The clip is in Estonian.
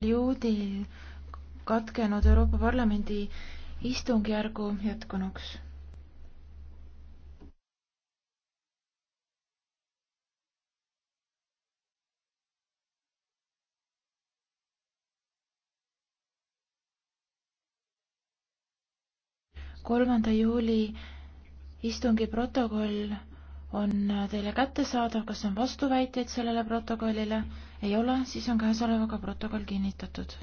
perioodi katkenud Euroopa Parlamendi istungjärgu jätkunuks. kolmanda juuli istungi protokoll on teile kättesaadav, kas on vastuväiteid sellele protokollile? ei ole, siis on käesolevaga protokoll kinnitatud